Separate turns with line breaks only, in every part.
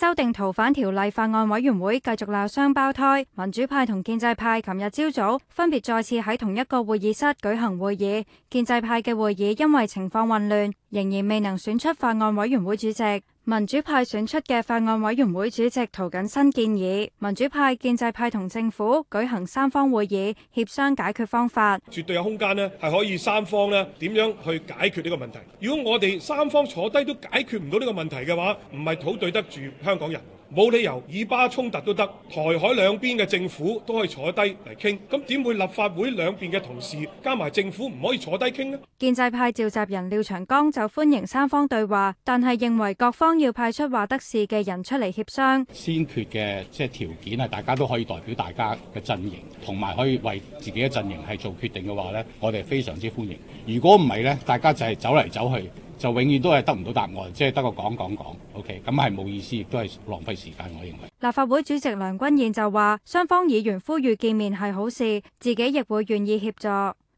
修訂逃犯條例法案委員會繼續鬧雙胞胎民主派同建制派，琴日朝早分別再次喺同一個會議室舉行會議，建制派嘅會議因為情況混亂。仍然未能選出法案委員會主席，民主派選出嘅法案委員會主席涂謹申建議民主派、建制派同政府舉行三方會議協商解決方法，絕對有空間，呢係可以三方咧，點樣去解決呢個問題。如果我哋三方坐低都解決唔到呢個問題嘅話，唔係好對得住香港人。冇理由以巴衝突都得，台海兩邊嘅政府都可以坐低嚟傾，咁點會立法會兩邊嘅同事加埋政府唔可以坐低傾呢？建制派召集人廖長江就歡迎三方對話，但係認為各方要派出話得事嘅人出嚟協商。先決嘅即係條件係大家都可以代表大家嘅陣營，同埋可以為自己嘅陣營係做決定嘅話呢，我哋非常之歡迎。如果唔係呢，大家就係走嚟走去。就永遠都係得唔到答案，即係得個講講講。OK，咁係冇意思，亦都係浪費時間。我認為立法會主席梁君彥就話：雙方議員呼籲見面係好事，自己亦會願意協助。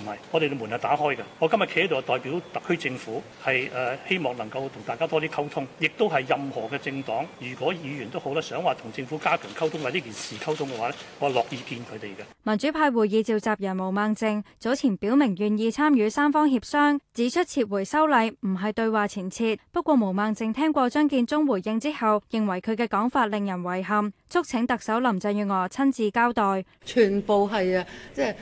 唔係，我哋嘅門係打開嘅。我今日企喺度代表特區政府，係誒，希望能夠同大家多啲溝通。亦都係任何嘅政黨，如果議員都好啦，想話同政府加強溝通啊，呢件事溝通嘅話咧，我係樂意見佢哋嘅。民主派會議召集人毛孟靜早前表明願意參與三方協商，指出撤回修例唔係對話前設。不過毛孟靜聽過張建宗回應之後，認為佢嘅講法令人遺憾。促請特首林鄭月娥親自交代，全部係啊，即係誒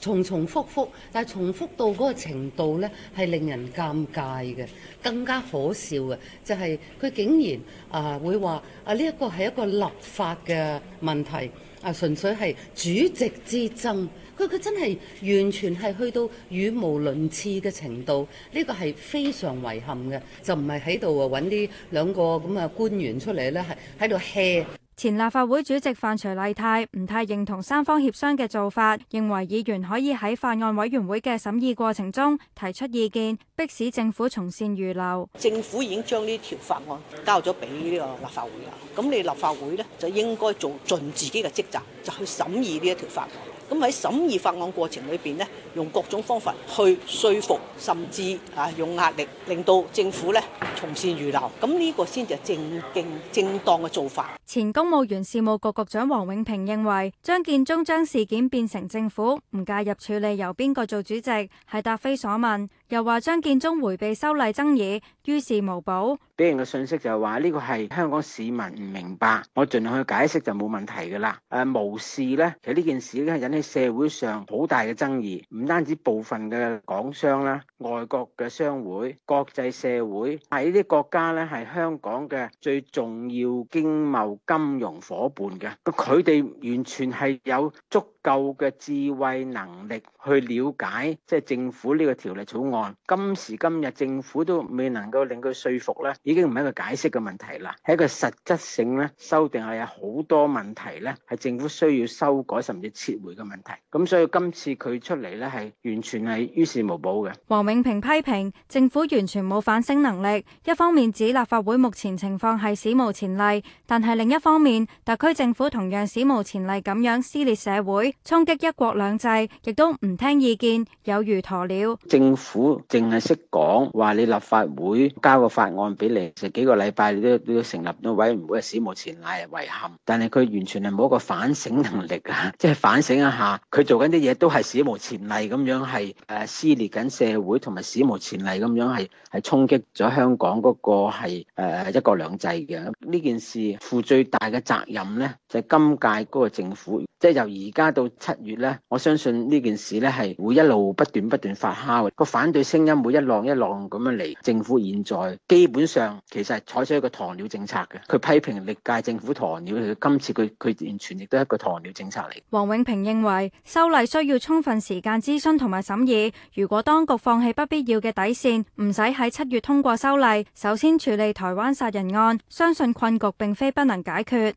重重複複，但係重複到嗰個程度咧，係令人尷尬嘅，更加可笑嘅就係、是、佢竟然、呃、會啊會話啊呢一個係一個立法嘅問題啊，純粹係主席之爭，佢佢真係完全係去到語無倫次嘅程度，呢、這個係非常遺憾嘅，就唔係喺度啊搵啲兩個咁啊官員出嚟咧，係喺度 hea 前立法會主席范徐麗泰唔太認同三方協商嘅做法，認為議員可以喺法案委員會嘅審議過程中提出意見，迫使政府從善如流。
政府已經將呢條法案交咗俾呢個立法會啦，咁你立法會呢，就應該做盡自己嘅職責。去審議呢一條法案，咁喺審議法案過程裏邊呢，用各種方法去說服，甚至啊用壓力，令到政府咧，從善如流，咁呢個先就正經、正當嘅做法。
前公務員事務局局長王永平認為，張建宗將事件變成政府唔介入處理，由邊個做主席係答非所問，又話張建宗迴避修例爭議，於事無補。
俾人嘅信息就係話呢個係香港市民唔明白，我盡量去解釋就冇問題㗎啦。誒、啊、無事咧，其實呢件事已經係引起社會上好大嘅爭議，唔單止部分嘅港商啦、外國嘅商會、國際社會喺呢啲國家咧，係香港嘅最重要經貿金融夥伴嘅，佢哋完全係有足。舊嘅智慧能力去了解，即係政府呢個條例草案。今時今日，政府都未能夠令佢說服咧，已經唔係一個解釋嘅問題啦，係一個實質性咧修訂，係有好多問題咧，係政府需要修改甚至撤回嘅問題。咁所以今次佢出嚟咧，係完全係於事無補嘅。
王永平批評政府完全冇反省能力，一方面指立法會目前情況係史無前例，但係另一方面，特區政府同樣史無前例咁樣撕裂社會。衝擊一國兩制，亦都唔聽意見，有如鴕鳥。
政府淨係識講話，你立法會交個法案俾你，成幾個禮拜，你都都成立咗委員會，係史無前例，遺憾。但係佢完全係冇一個反省能力噶，即係反省一下，佢做緊啲嘢都係史無前例咁樣，係誒撕裂緊社會，同埋史無前例咁樣，係係衝擊咗香港嗰個係誒一國兩制嘅呢件事負最大嘅責任咧，就係今屆嗰個政府，即係由而家到七月呢，我相信呢件事呢，係會一路不斷不斷發酵，個反對聲音會一浪一浪咁樣嚟。政府現在基本上其實係採取一個鴕鳥政策嘅，佢批評歷屆政府鴕鳥，佢今次佢佢完全亦都係一個鴕鳥政策嚟。
王永平認為修例需要充分時間諮詢同埋審議，如果當局放棄不必要嘅底線，唔使喺七月通過修例，首先處理台灣殺人案，相信困局並非不能解決。